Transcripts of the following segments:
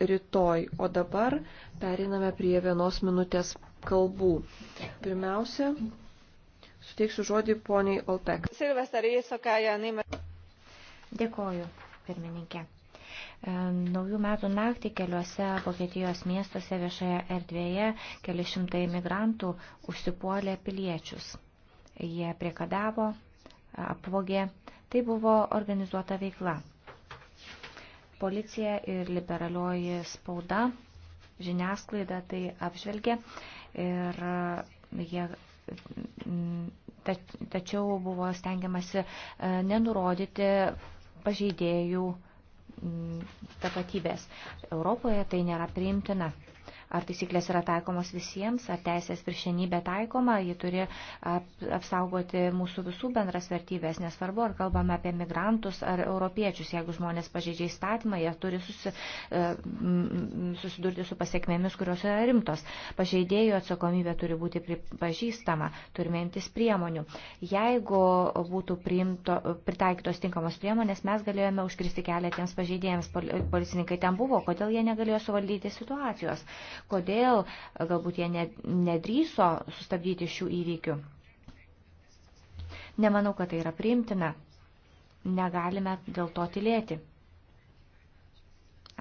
rytoj. O dabar periname prie vienos minutės kalbų. Pirmiausia, suteiksiu žodį poniai Olpek. Dėkoju, pirmininkė. E, naujų metų naktį keliuose Vokietijos miestuose viešoje erdvėje keli šimtai migrantų užsipuolė piliečius. Jie priekadavo, apvogė. Tai buvo organizuota veikla. Policija ir liberalioji spauda, žiniasklaida tai apžvelgė ir jie tačiau buvo stengiamasi e, nenurodyti pažeidėjų tapatybės. Europoje tai nėra priimtina ar taisyklės yra taikomos visiems, ar teisės viršenybė taikoma, ji turi apsaugoti mūsų visų bendras vertybės, nesvarbu, ar kalbame apie migrantus ar europiečius, jeigu žmonės pažeidžia įstatymą, jie turi susi, e, susidurti su pasiekmėmis, kurios yra rimtos. Pažeidėjų atsakomybė turi būti pripažįstama, turime imtis priemonių. Jeigu būtų priimto, pritaikytos tinkamos priemonės, mes galėjome užkristi kelią tiems pažeidėjams. Policininkai ten buvo, kodėl jie negalėjo suvaldyti situacijos kodėl galbūt jie nedryso sustabdyti šių įvykių. Nemanau, kad tai yra priimtina. Negalime dėl to tylėti.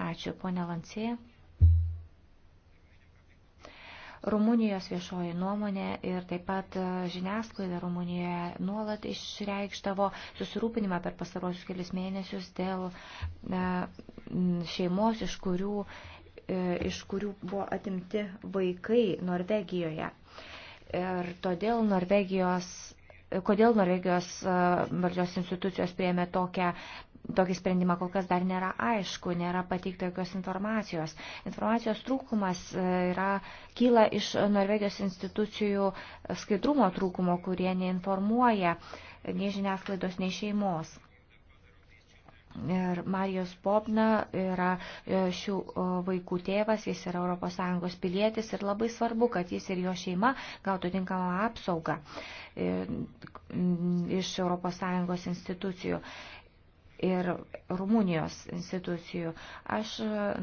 Ačiū, ponė Lansėja. Rumunijos viešoji nuomonė ir taip pat e, žiniasklaida Rumunijoje nuolat išreikštavo susirūpinimą per pastaruosius kelius mėnesius dėl e, šeimos, iš kurių E, iš kurių buvo atimti vaikai Norvegijoje. Ir todėl Norvegijos, kodėl Norvegijos e, valdžios institucijos prieėmė tokią tokį sprendimą kol kas dar nėra aišku, nėra pateikta jokios informacijos. Informacijos trūkumas e, yra, kyla iš Norvegijos institucijų skaidrumo trūkumo, kurie neinformuoja nei žiniasklaidos, nei šeimos. Ir Marijos Popna yra e, šių e, vaikų tėvas, jis yra ES pilietis ir labai svarbu, kad jis ir jo šeima gautų tinkamą apsaugą e, iš ES institucijų ir Rumunijos institucijų. Aš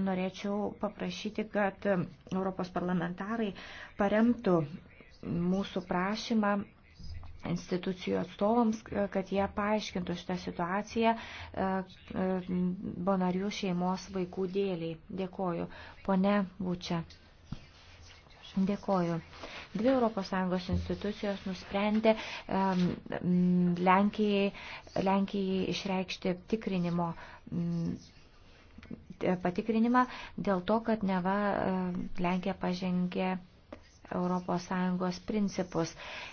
norėčiau paprašyti, kad Europos parlamentarai paremtų mūsų prašymą institucijų atstovams, e, kad jie paaiškintų šitą situaciją e, e, bonarių šeimos vaikų dėliai. Dėkoju. Pone Būčia. Dėkoju. Dvi ES institucijos nusprendė um, Lenkijai, Lenkijai išreikšti tikrinimo um, patikrinimą dėl to, kad neva Lenkija pažengė ES principus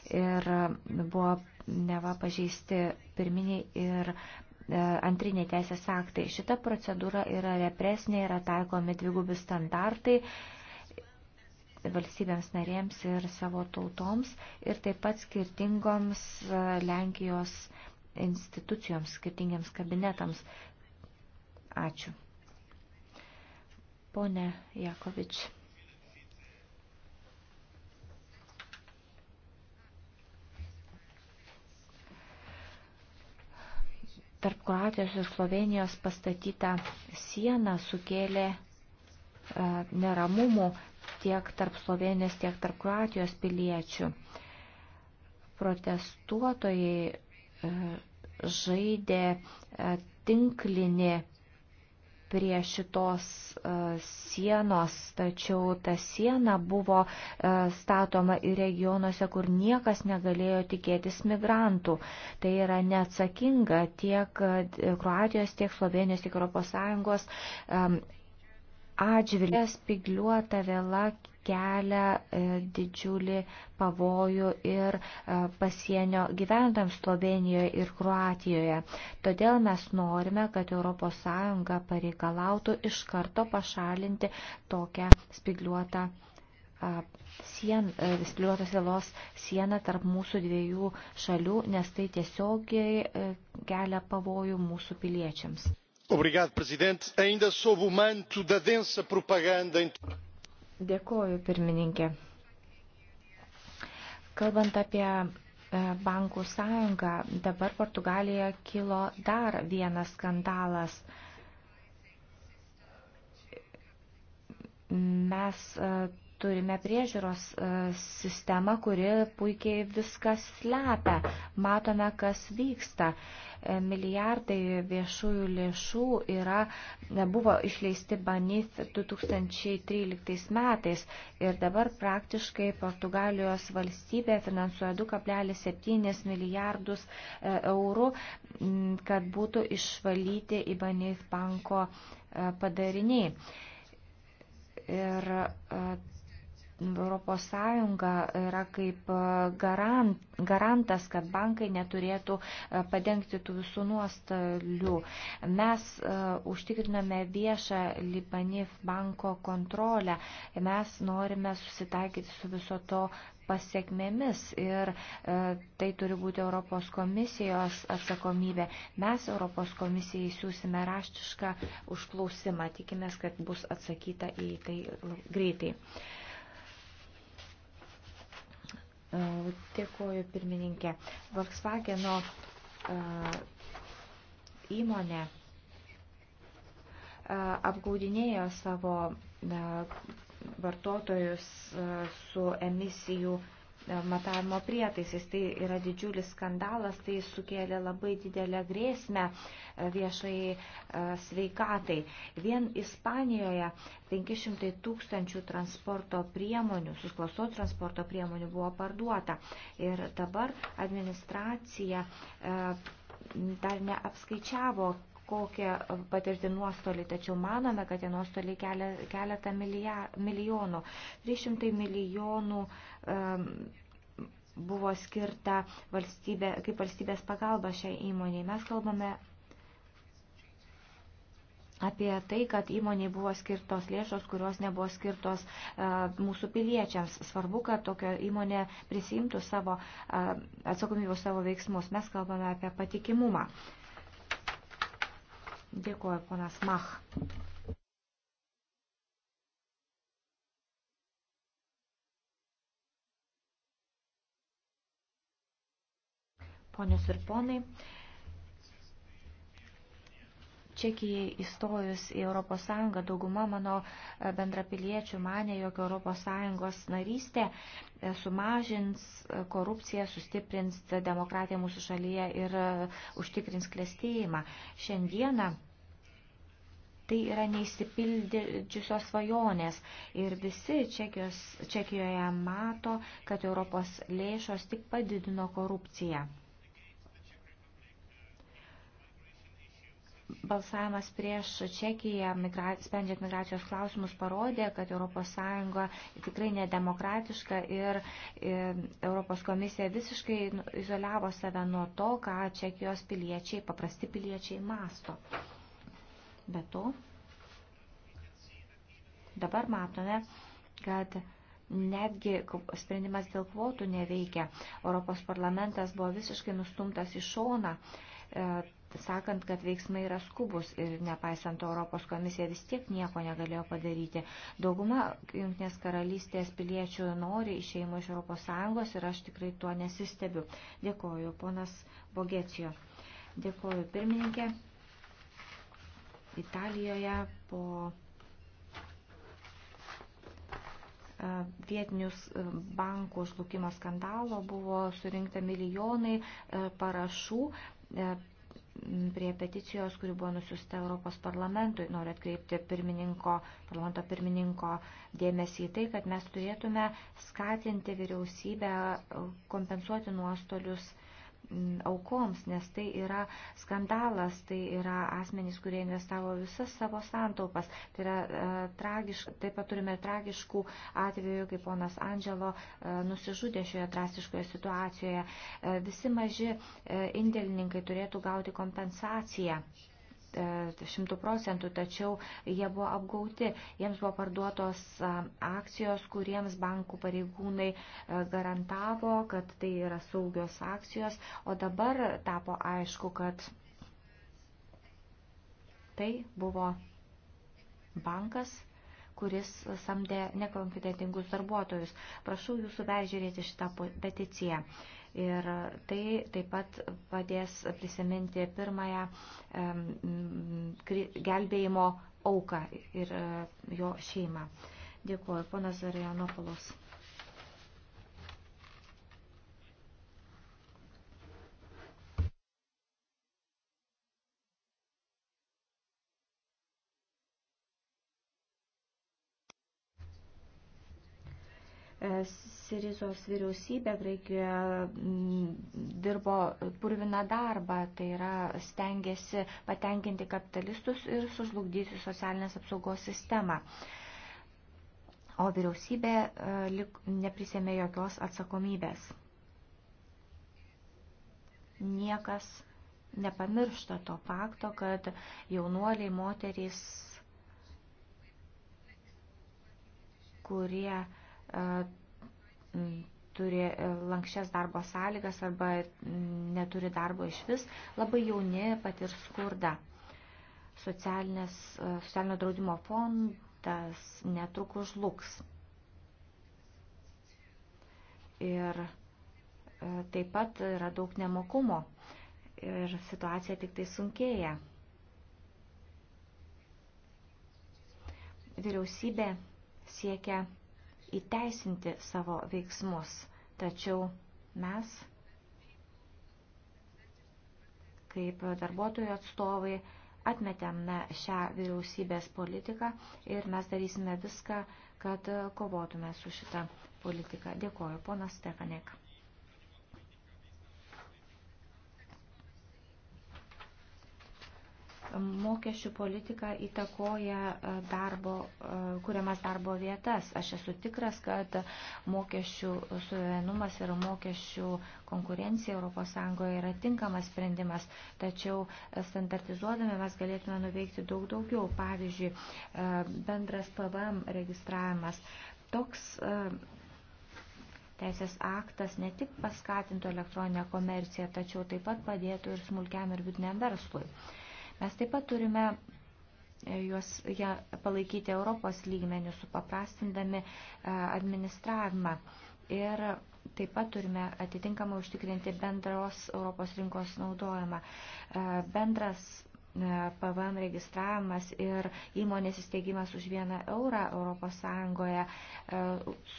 ir buvo neva pažeisti pirminiai ir e, antriniai teisės aktai. Šita procedūra yra represinė, yra taikomi dvigubi standartai valstybėms narėms ir savo tautoms ir taip pat skirtingoms e, Lenkijos institucijoms, skirtingiams kabinetams. Ačiū. Pone Jakovič. tarp Kroatijos ir Slovenijos pastatyta siena sukėlė e, neramumų tiek tarp Slovenijos, tiek tarp Kroatijos piliečių. Protestuotojai e, žaidė e, tinklinį prie šitos e, sienos, tačiau ta siena buvo e, statoma ir regionuose, kur niekas negalėjo tikėtis migrantų. Tai yra neatsakinga tiek e, Kroatijos, tiek Slovenijos, tiek ES atžvilgės pigliuota vėla kelia e, didžiulį pavojų ir e, pasienio gyventams Slovenijoje ir Kroatijoje. Todėl mes norime, kad ES pareikalautų iš karto pašalinti tokią spigliuotą e, sien, spygliuotos vielos sieną tarp mūsų dviejų šalių, nes tai tiesiogiai kelia pavojų mūsų piliečiams. Obrigado, Presidente. Ainda sob o manto da densa propaganda em. Dėkoju, pirmininkė. Kalbant apie e, bankų sąjungą, dabar Portugalijoje kilo dar vienas skandalas. Mes e, Turime priežiūros e, sistemą, kuri puikiai viskas slepia. Matome, kas vyksta. E, milijardai viešųjų lėšų yra, e, buvo išleisti BANIF 2013 metais ir dabar praktiškai Portugalijos valstybė finansuoja 2,7 milijardus eurų, kad būtų išvalyti į BANIF banko padariniai. Ir Europos Sąjunga yra kaip e, garant, garantas, kad bankai neturėtų e, padengti tų visų nuostolių. Mes e, užtikriname viešą Libanif banko kontrolę. Mes norime susitaikyti su viso to pasiekmėmis ir e, tai turi būti Europos komisijos atsakomybė. Mes Europos komisijai siūsime raštišką užklausimą. Tikimės, kad bus atsakyta į tai greitai. E, E, Dėkuoju pirmininkė. Volkswageno e, įmonė e, apgaudinėjo savo vartotojus su emisijų matavimo prietaisais. Tai yra didžiulis skandalas, tai sukėlė labai didelę grėsmę e, viešai e, sveikatai. Vien Ispanijoje 500 tūkstančių transporto priemonių, susklausų transporto priemonių buvo parduota. Ir dabar administracija e, dar neapskaičiavo, kokią patirti nuostolį, tačiau manome, kad tie nuostoliai keletą milijonų. 300 milijonų um, buvo skirta valstybė, kaip valstybės pagalba šiai įmoniai. Mes kalbame apie tai, kad įmoniai buvo skirtos lėšos, kurios nebuvo skirtos uh, mūsų piliečiams. Svarbu, kad tokia įmonė prisimtų savo uh, atsakomybę savo veiksmus. Mes kalbame apie patikimumą. Uh, Dėkuoju, ponas Mach. Ponios ir ponai, Čekijai įstojus į ES dauguma mano e, bendrapiliečių mane, jog ES narystė e, sumažins e, korupciją, sustiprins demokratiją mūsų šalyje ir užtikrins klėstėjimą. Šiandieną tai yra neįsipildžiusios svajonės. Ir visi Čekijos, Čekijoje mato, kad Europos lėšos tik padidino korupciją. Balsavimas prieš Čekiją, migra... sprendžiant migracijos klausimus, parodė, kad ES tikrai nedemokratiška ir Europos komisija visiškai nu, izoliavo save nuo to, ką Čekijos piliečiai, paprasti piliečiai masto. Be to, dabar matome, kad netgi sprendimas dėl kvotų neveikia. Europos parlamentas buvo visiškai nustumtas į šoną. E, sakant, kad veiksmai yra skubus ir nepaisant Europos komisija vis tiek nieko negalėjo padaryti. Dauguma Junktinės karalystės piliečių nori išeimo iš Europos Sąjungos ir aš tikrai tuo nesistebiu. Dėkoju, ponas Bogecijo. Dėkoju, pirmininkė. Italijoje po e, vietinius e, bankų žlugimo skandalo buvo surinkta milijonai e, parašų prie peticijos, kuri buvo nusiusta Europos parlamentui. Noriu atkreipti pirmininko, parlamento pirmininko dėmesį į tai, kad mes turėtume skatinti vyriausybę kompensuoti nuostolius Mm, aukoms, nes tai yra skandalas, tai yra asmenys, kurie investavo visas savo santaupas. Tai yra, e, tragiš, taip pat turime tragiškų atvejų, kaip ponas Andželo e, nusižudė šioje drastiškoje situacijoje. E, visi maži e, indėlininkai turėtų gauti kompensaciją. 100 e, procentų, tačiau jie buvo apgauti. Jiems buvo parduotos e, akcijos, kuriems bankų pareigūnai e, garantavo, kad tai yra saugios akcijos, o dabar tapo aišku, kad tai buvo bankas, kuris samdė nekonfidentingus darbuotojus. Prašau jūsų peržiūrėti šitą peticiją. Ir tai taip pat padės prisiminti pirmąją gelbėjimo auką ir e, jo šeimą. Dėkuoju, ponas Zarianopolos. Sirizos vyriausybė Graikijoje mm, dirbo purviną darbą, tai yra stengiasi patenkinti kapitalistus ir sužlugdyti socialinės apsaugos sistemą. O vyriausybė e, neprisėmė jokios atsakomybės. Niekas nepamiršta to fakto, kad jaunuoliai moterys, kurie uh, turi e, lankščias darbo sąlygas arba neturi darbo iš vis, labai jauni patir skurdą. E, socialinio draudimo fondas netrukus žlugs. Ir e, taip pat yra daug nemokumo ir situacija tik tai sunkėja. Vyriausybė siekia įteisinti savo veiksmus, tačiau mes, kaip darbuotojų atstovai, atmetėme šią vyriausybės politiką ir mes darysime viską, kad kovotume su šitą politiką. Dėkoju, ponas Stefanek. mokesčių politika įtakoja e, darbo, e, kuriamas darbo vietas. Aš esu tikras, kad mokesčių suverenumas ir mokesčių konkurencija ES yra tinkamas sprendimas, tačiau e, standartizuodami mes galėtume nuveikti daug daugiau. Pavyzdžiui, bendras PVM registravimas. Toks Teisės aktas ne tik paskatintų elektroninę komerciją, tačiau taip pat padėtų ir smulkiam ir vidiniam verslui. Uh, Mes taip pat turime e, juos ja, palaikyti Europos lygmenių, supaprastindami e, administravimą. Ir taip pat turime atitinkamai užtikrinti bendros Europos rinkos naudojimą. E, bendras PVM registravimas ir įmonės įsteigimas už vieną eurą Europos Sąjungoje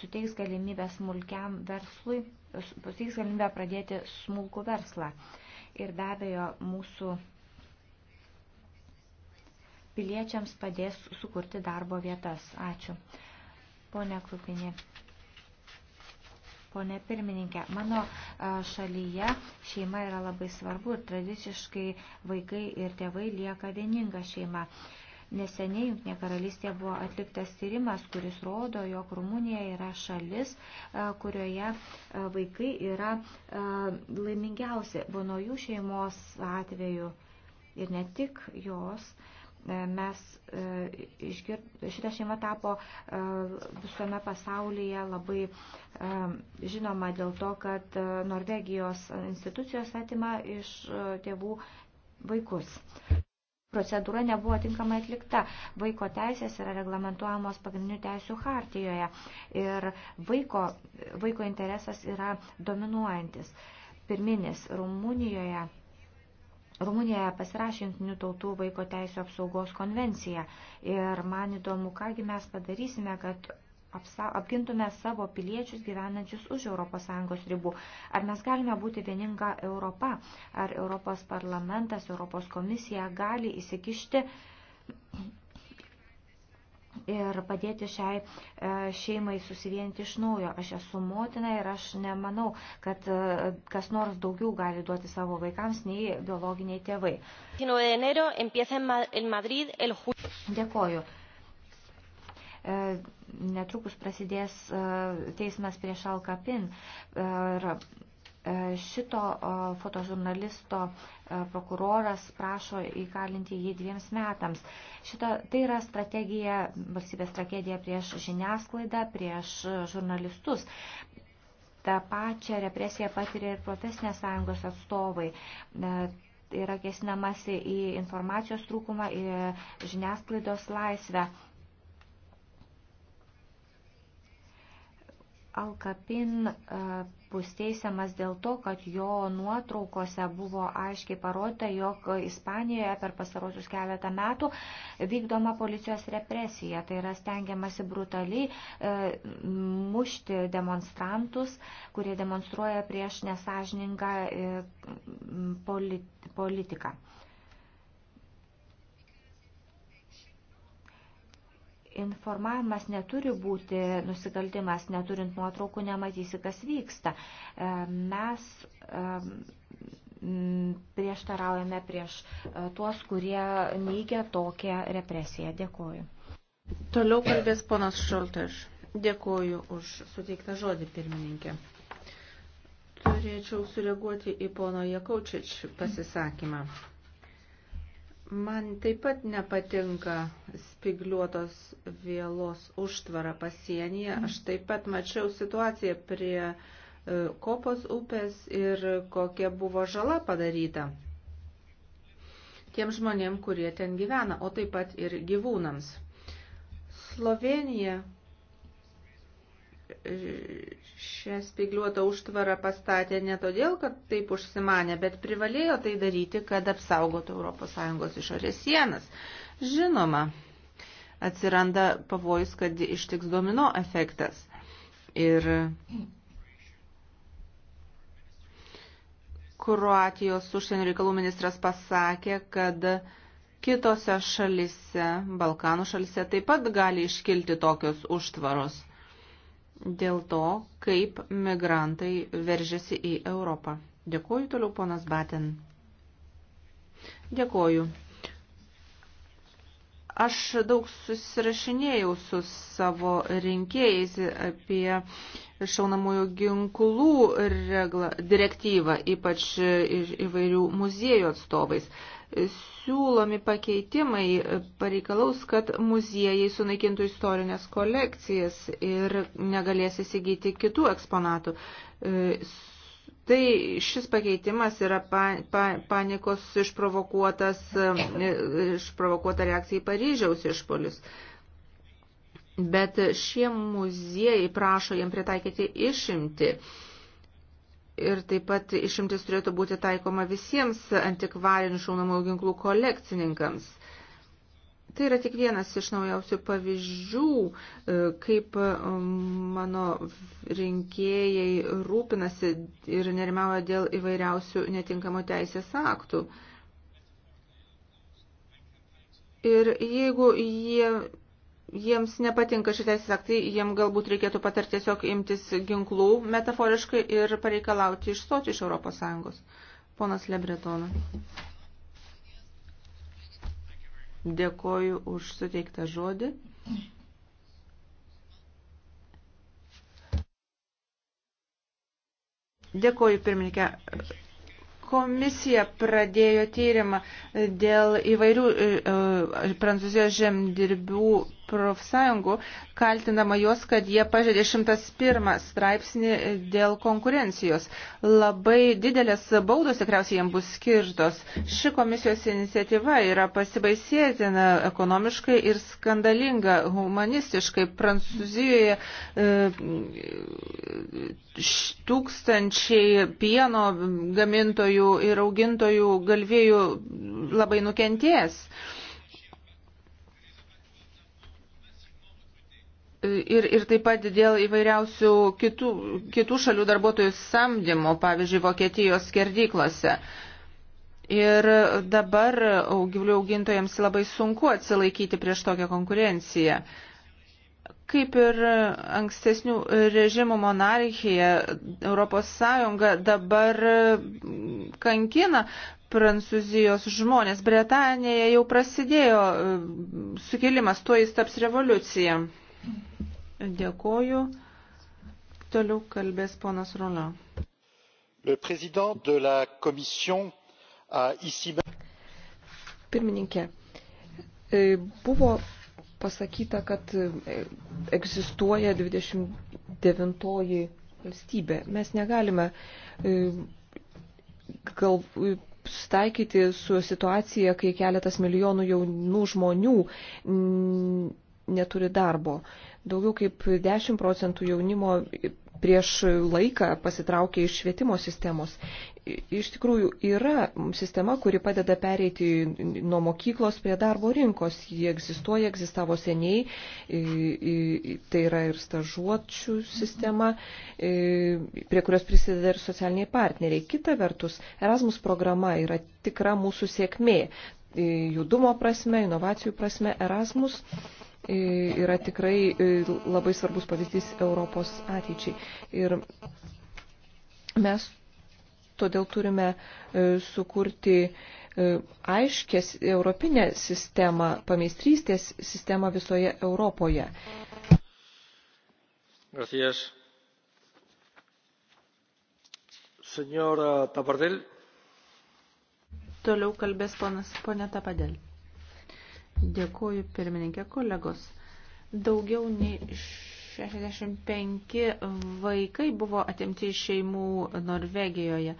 suteiks galimybę smulkiam verslui, suteiks galimybę pradėti smulkų verslą. Ir be abejo, mūsų piliečiams padės sukurti darbo vietas. Ačiū. Pone Krupinė. Pone pirmininkė, mano šalyje šeima yra labai svarbu ir tradiciškai vaikai ir tėvai lieka vieninga šeima. Neseniai Junktinė karalystė buvo atliktas tyrimas, kuris rodo, jog Rumunija yra šalis, kurioje vaikai yra laimingiausi. Bonojų šeimos atveju ir ne tik jos Mes e, išgir... Šitą šeimą tapo e, visame pasaulyje labai e, žinoma dėl to, kad Norvegijos institucijos atima iš tėvų vaikus. Procedūra nebuvo tinkamai atlikta. Vaiko teisės yra reglamentuojamos pagrindinių teisių hartijoje ir vaiko, vaiko interesas yra dominuojantis. Pirminis Rumunijoje Rumunija pasirašė Junktinių tautų vaiko teisų apsaugos konvenciją ir man įdomu, kągi mes padarysime, kad apgintume savo piliečius gyvenančius už ES ribų. Ar mes galime būti vieninga Europa? Ar Europos parlamentas, Europos komisija gali įsikišti ir padėti šiai e, šeimai susivienyti iš naujo. Aš esu motina ir aš nemanau, kad e, kas nors daugiau gali duoti savo vaikams nei biologiniai tėvai. Dėkoju. E, netrukus prasidės teismas prieš Alkapin ir E, šito e, fotožurnalisto e, prokuroras prašo įkalinti jį dviems metams. Šita, tai yra strategija, valstybės strategija prieš žiniasklaidą, prieš žurnalistus. Ta pačia represija patiria ir profesinės sąjungos atstovai yra kėsinamasi į informacijos trūkumą, į žiniasklaidos laisvę. Alkapin bus teisiamas dėl to, kad jo nuotraukose buvo aiškiai parodyta, jog Ispanijoje per pasarosius keletą metų vykdoma policijos represija. Tai yra stengiamasi brutaliai e, mušti demonstrantus, kurie demonstruoja prieš nesažiningą e, politi politiką. informavimas neturi būti nusikaltimas, neturint nuotraukų nematysi, kas vyksta. E, mes e, prieštaraujame prieš e, tuos, kurie neigia tokią represiją. Dėkuoju. Toliau kalbės ponas Šoltaš. Dėkuoju už suteiktą žodį, pirmininkė. Turėčiau sureaguoti į pono Jakaučič pasisakymą. Mhm. Man taip pat nepatinka spigliuotos vėlos užtvara pasienyje. Aš taip pat mačiau situaciją prie e, Kopos upės ir kokia buvo žala padaryta tiem žmonėm, kurie ten gyvena, o taip pat ir gyvūnams. Slovenija šią spigliuotą užtvarą pastatė ne todėl, kad taip užsimanė, bet privalėjo tai daryti, kad apsaugotų ES išorės sienas. Žinoma, atsiranda pavojus, kad ištiks domino efektas. Ir Kroatijos užsienio reikalų ministras pasakė, kad kitose šalise, Balkanų šalise taip pat gali iškilti tokios užtvaros dėl to, kaip migrantai veržiasi į Europą. Dėkoju toliau, ponas Batin. Dėkoju. Aš daug susirašinėjau su savo rinkėjais apie šaunamųjų ginklų regla, direktyvą, ypač įvairių muziejų atstovais siūlomi pakeitimai pareikalaus, kad muziejai sunaikintų istorinės kolekcijas ir negalės įsigyti kitų eksponatų. E, tai šis pakeitimas yra pa, pa, panikos išprovokuotas, e, išprovokuota reakcija į Paryžiaus išpolius. Bet šie muziejai prašo jam pritaikyti išimti. Ir taip pat išimtis turėtų būti taikoma visiems antikvarinių šaunamųjų ginklų kolekcininkams. Tai yra tik vienas iš naujausių pavyzdžių, e, kaip e, mano rinkėjai rūpinasi ir nerimauja dėl įvairiausių netinkamų teisės aktų. Ir jeigu jie jiems nepatinka šitės aktai, jiems galbūt reikėtų patar tiesiog imtis ginklų metaforiškai ir pareikalauti išstoti iš Europos Sąjungos. Ponas Lebretona. Dėkoju už suteiktą žodį. Dėkoju, pirmininkė. Komisija pradėjo tyrimą dėl įvairių e, e, prancūzijos žemdirbių profsąjungų, kaltinama juos, kad jie pažeidė 101 straipsnį dėl konkurencijos. Labai didelės baudos tikriausiai jiems bus skirtos. Ši komisijos iniciatyva yra pasibaisėtina ekonomiškai ir skandalinga humanistiškai. Prancūzijoje e, tūkstančiai pieno gamintojų ir augintojų galvėjų labai nukentės. E, Ir, ir taip pat dėl įvairiausių kitų, kitų šalių darbuotojų samdymo, pavyzdžiui, Vokietijos skerdyklose. Ir dabar gyvulių augintojams labai sunku atsilaikyti prieš tokią konkurenciją. Kaip ir ankstesnių režimų monarchija, ES dabar kankina Prancūzijos žmonės. Bretanėje jau prasidėjo sukilimas, tuo jis taps revoliucija. Dėkoju. Toliau kalbės ponas Rola. Pirmininkė, e, buvo pasakyta, kad e, egzistuoja 29 valstybė. Mes negalime e, gal, staikyti su situacija, kai keletas milijonų jaunų žmonių neturi darbo. Daugiau kaip 10 procentų jaunimo prieš laiką pasitraukė iš švietimo sistemos. Iš tikrųjų, yra sistema, kuri padeda pereiti nuo mokyklos prie darbo rinkos. Ji egzistuoja, egzistavo seniai, tai yra ir stažuočių sistema, prie kurios prisideda ir socialiniai partneriai. Kita vertus, Erasmus programa yra tikra mūsų sėkmė. Judumo prasme, inovacijų prasme, Erasmus yra tikrai labai svarbus pavyzdys Europos ateičiai. Ir mes todėl turime e, sukurti e, aiškės europinę sistemą, pameistrystės sistemą visoje Europoje. Gracias. Senora Tapardel. Toliau kalbės ponas, ponė Tapadel. Dėkuoju pirmininkė kolegos. Daugiau nei 65 vaikai buvo atimti iš šeimų Norvegijoje.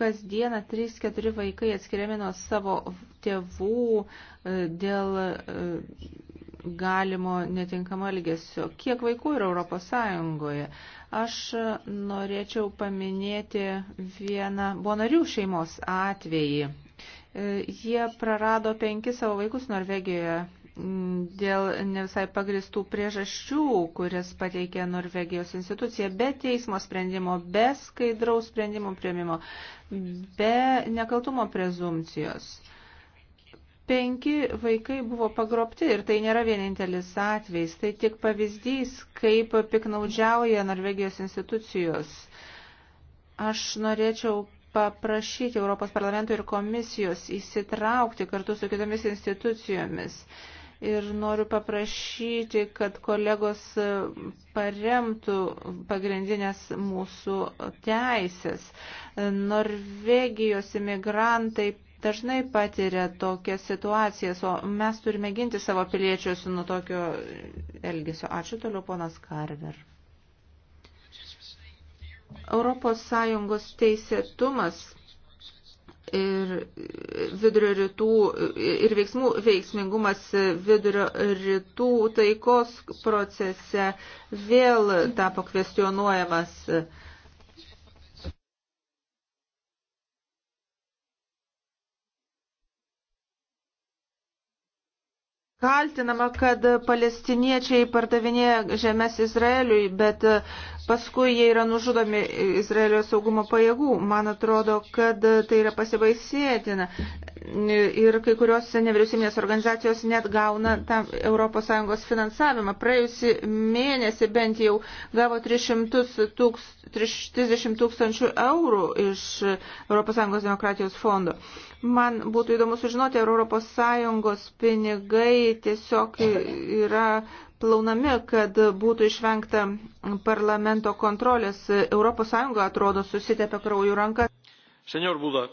Kasdieną 3-4 vaikai atskiriami nuo savo tėvų e, dėl e, galimo netinkamo elgesio. Kiek vaikų yra Europos Sąjungoje? Aš norėčiau paminėti vieną bonarių šeimos atvejį E, jie prarado penkis savo vaikus Norvegijoje dėl ne visai pagristų priežasčių, kuris pateikė Norvegijos institucija, be teismo sprendimo, be skaidraus sprendimo prieimimo, be nekaltumo prezumcijos. Penki vaikai buvo pagrobti ir tai nėra vienintelis atvejs, tai tik pavyzdys, kaip piknaudžiauja Norvegijos institucijos. Aš norėčiau paprašyti Europos parlamento ir komisijos įsitraukti kartu su kitomis institucijomis. Ir noriu paprašyti, kad kolegos paremtų pagrindinės mūsų teisės. Norvegijos imigrantai dažnai patiria tokias situacijas, o mes turime ginti savo piliečius nuo tokio elgesio. Ačiū toliau, ponas Karver. ES teisėtumas ir vidurio rytų ir veiksmų veiksmingumas vidurio rytų taikos procese vėl tapo kvestionuojamas. Kaltinama, kad palestiniečiai pardavinėja žemės Izraeliui, bet Paskui jie yra nužudomi Izraelio saugumo pajėgų. Man atrodo, kad tai yra pasibaisėtina. Ir kai kurios nevyriausybinės organizacijos net gauna tam ES finansavimą. Praėjusi mėnesį bent jau gavo 300 tūks, 30 tūkstančių eurų iš ES demokratijos fondo. Man būtų įdomu sužinoti, ar ES pinigai tiesiog yra plaunami, kad būtų išvengta parlamento kontrolės. ES atrodo susitepia kraujų ranką. Senior Būda.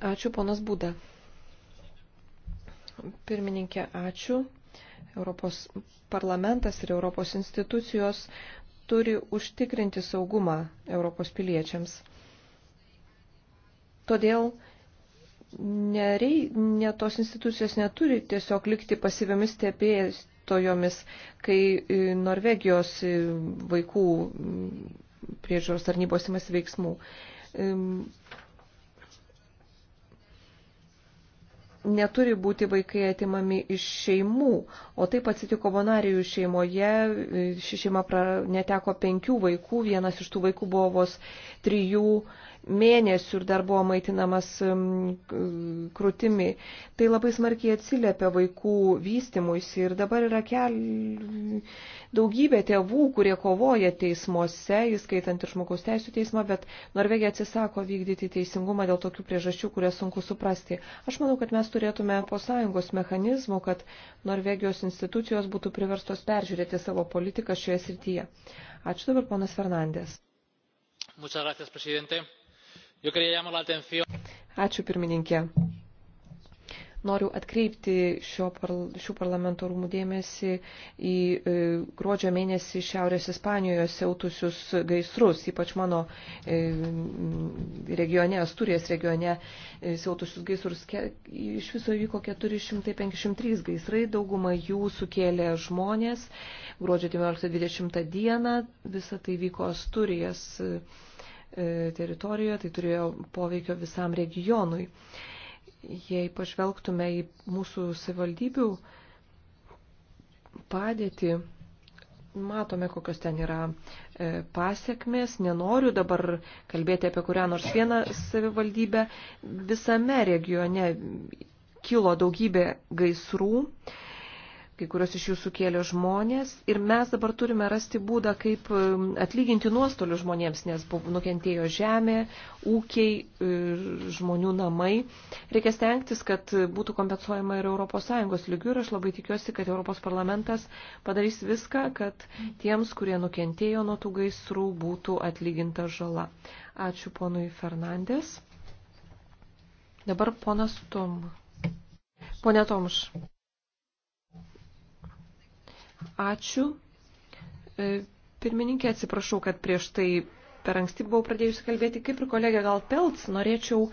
Ačiū, ponas Būda. Pirmininkė, ačiū. Europos parlamentas ir Europos institucijos turi užtikrinti saugumą Europos piliečiams. Todėl nerei, ne tos institucijos neturi tiesiog likti pasyviamis stebėtojomis, kai e, Norvegijos e, vaikų priežiūros tarnybos imas veiksmų. Neturi būti vaikai atimami iš šeimų, o taip atsitiko Bonarijų šeimoje, e, ši šeima pra, neteko penkių vaikų, vienas iš tų vaikų buvo vos trijų mėnesių ir dar buvo maitinamas krūtimi. Tai labai smarkiai atsiliepia vaikų vystimuisi ir dabar yra kel... daugybė tėvų, kurie kovoja teismuose, įskaitant ir žmogaus teisų teismą, bet Norvegija atsisako vykdyti teisingumą dėl tokių priežasčių, kurias sunku suprasti. Aš manau, kad mes turėtume po sąjungos mechanizmų, kad Norvegijos institucijos būtų priverstos peržiūrėti savo politiką šioje srityje. Ačiū dabar, ponas Fernandės. Muchas gracias, presidente. Ačiū pirmininkė. Noriu atkreipti šio par, šių parlamento rūmų dėmesį į e, gruodžio mėnesį Šiaurės Ispanijoje siautusius gaisrus, ypač mano e, regione, Asturijos regione e, siautusius gaisrus. Ke, iš viso vyko 453 gaisrai, dauguma jų sukėlė žmonės. Gruodžio 19-20 dieną visą tai vyko Asturijos. E, E, teritorijoje, tai turėjo poveikio visam regionui. Jei pažvelgtume į mūsų savivaldybių padėtį, matome, kokios ten yra e, pasiekmes. Nenoriu dabar kalbėti apie kurią nors vieną savivaldybę. Visame regione kilo daugybė gaisrų. E, kai kurios iš jų sukėlė žmonės ir mes dabar turime rasti būdą, kaip um, atlyginti nuostolių žmonėms, nes buvo nukentėjo žemė, ūkiai, žmonių namai. Reikia stengtis, kad būtų kompensuojama ir ES lygių ir aš labai tikiuosi, kad Europos parlamentas padarys viską, kad tiems, kurie nukentėjo nuo tų gaisrų, būtų atlyginta žala. Ačiū ponui Fernandės. Dabar ponas Tom. Pone Tomš. Ačiū. E, pirmininkė, atsiprašau, kad prieš tai per anksti buvau pradėjusi kalbėti, kaip ir kolegė gal Pelts, norėčiau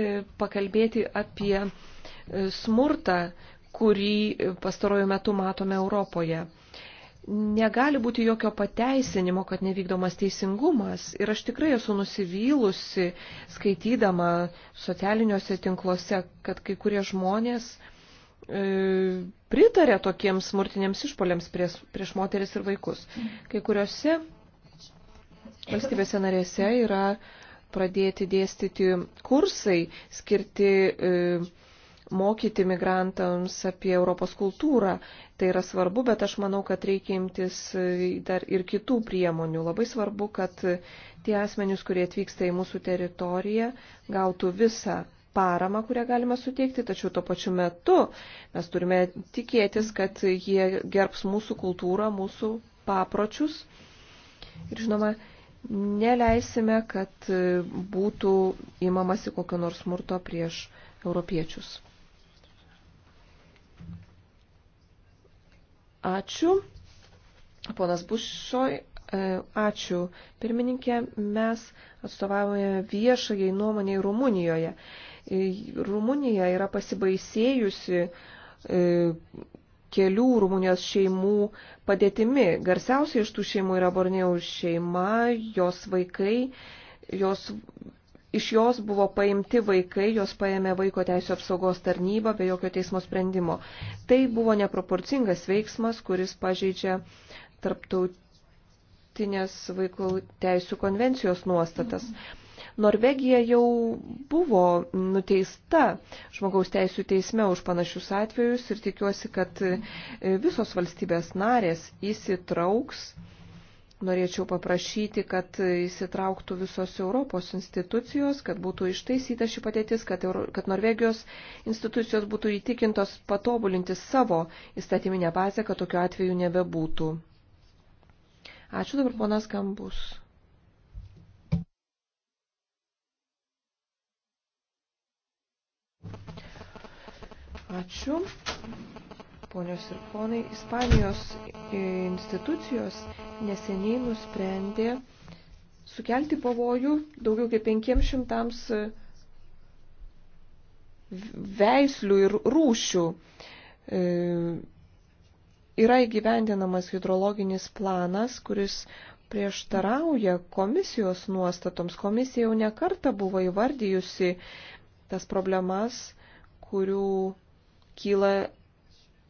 e, pakalbėti apie e, smurtą, kurį pastarojų metų matome Europoje. Negali būti jokio pateisinimo, kad nevykdomas teisingumas. Ir aš tikrai esu nusivylusi, skaitydama socialiniuose tinkluose, kad kai kurie žmonės e, pritarė tokiems smurtiniams išpoliams prieš, prieš moteris ir vaikus. Kai kuriuose valstybėse narėse yra pradėti dėstyti kursai skirti e, mokyti migrantams apie Europos kultūrą. Tai yra svarbu, bet aš manau, kad reikia imtis e, dar ir kitų priemonių. Labai svarbu, kad tie asmenys, kurie atvyksta į mūsų teritoriją, gautų visą paramą, kurią galime suteikti, tačiau tuo pačiu metu mes turime tikėtis, kad jie gerbs mūsų kultūrą, mūsų papročius. Ir žinoma, neleisime, kad būtų įmamasi kokio nors smurto prieš europiečius. Ačiū. Ponas Bušoj, e, ačiū. Pirmininkė, mes atstovavome viešajai nuomonėjai Rumunijoje. E, Rumunija yra pasibaisėjusi e, kelių Rumunijos šeimų padėtimi. Garsiausiai iš tų šeimų yra Borneo šeima, jos vaikai, jos, iš jos buvo paimti vaikai, jos paėmė vaiko teisų apsaugos tarnybą be jokio teismo sprendimo. Tai buvo neproporcingas veiksmas, kuris pažeidžia tarptautinės vaikų teisų konvencijos nuostatas. Mhm. Norvegija jau buvo nuteista žmogaus teisų teisme už panašius atvejus ir tikiuosi, kad e, visos valstybės narės įsitrauks. Norėčiau paprašyti, kad įsitrauktų visos Europos institucijos, kad būtų ištaisyta ši patėtis, kad, Euro, kad Norvegijos institucijos būtų įtikintos patobulinti savo įstatyminę bazę, kad tokiu atveju nebebūtų. Ačiū dabar ponas Gambus. Ačiū. Ponios ir ponai, Ispanijos institucijos neseniai nusprendė sukelti pavojų daugiau kaip 500 veislių ir rūšių. E, yra įgyvendinamas hidrologinis planas, kuris prieštarauja komisijos nuostatoms. Komisija jau nekarta buvo įvardijusi tas problemas, kurių kyla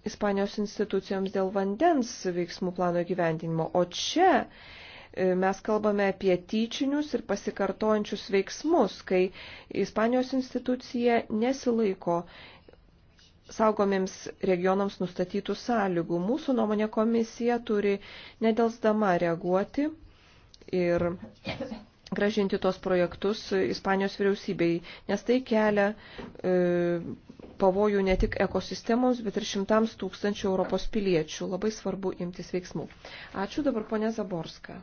Ispanijos institucijoms dėl vandens veiksmų plano gyvendinimo. O čia e, mes kalbame apie tyčinius ir pasikartojančius veiksmus, kai Ispanijos institucija nesilaiko saugomiems regionams nustatytų sąlygų. Mūsų nuomonė komisija turi nedelsdama reaguoti ir gražinti tos projektus Ispanijos vyriausybei, nes tai kelia e, pavojų ne tik ekosistemoms, bet ir šimtams tūkstančių Europos piliečių. Labai svarbu imtis veiksmų. Ačiū dabar ponė Zaborska.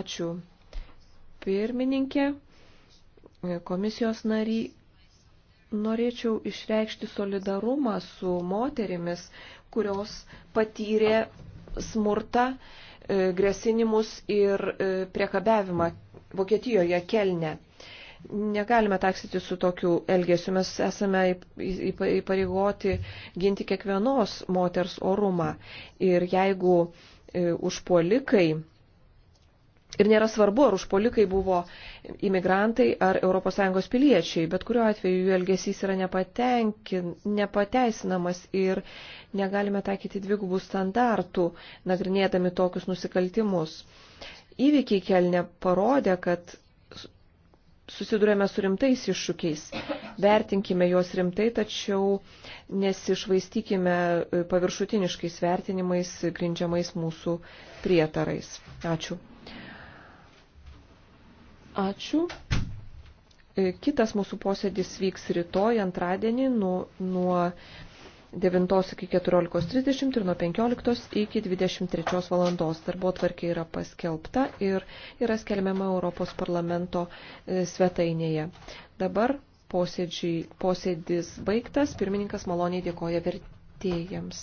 Ačiū pirmininkė, komisijos nary. Norėčiau išreikšti solidarumą su moterimis, kurios patyrė smurtą, e, grėsinimus ir e, priekabiavimą Vokietijoje Kelne. Negalime taksyti su tokiu elgesiu. Mes esame įpareigoti ginti kiekvienos moters orumą. Ir jeigu e, užpuolikai Ir nėra svarbu, ar užpolikai buvo imigrantai ar ES piliečiai, bet kuriuo atveju jų elgesys yra nepateisinamas ir negalime taikyti dvigubų standartų, nagrinėdami tokius nusikaltimus. Įvykiai kelne parodė, kad susidurėme su rimtais iššūkiais. Vertinkime juos rimtai, tačiau nesišvaistykime paviršutiniškais vertinimais, grindžiamais mūsų prietarais. Ačiū. Ačiū. Kitas mūsų posėdis vyks rytoj, antradienį, nu, nuo, nuo 9 iki 14.30 ir nuo 15 iki 23 valandos. Darbo tvarkė yra paskelbta ir yra skelbiama Europos parlamento e, svetainėje. Dabar posėdžiai, posėdis baigtas, pirmininkas maloniai dėkoja vertėjams.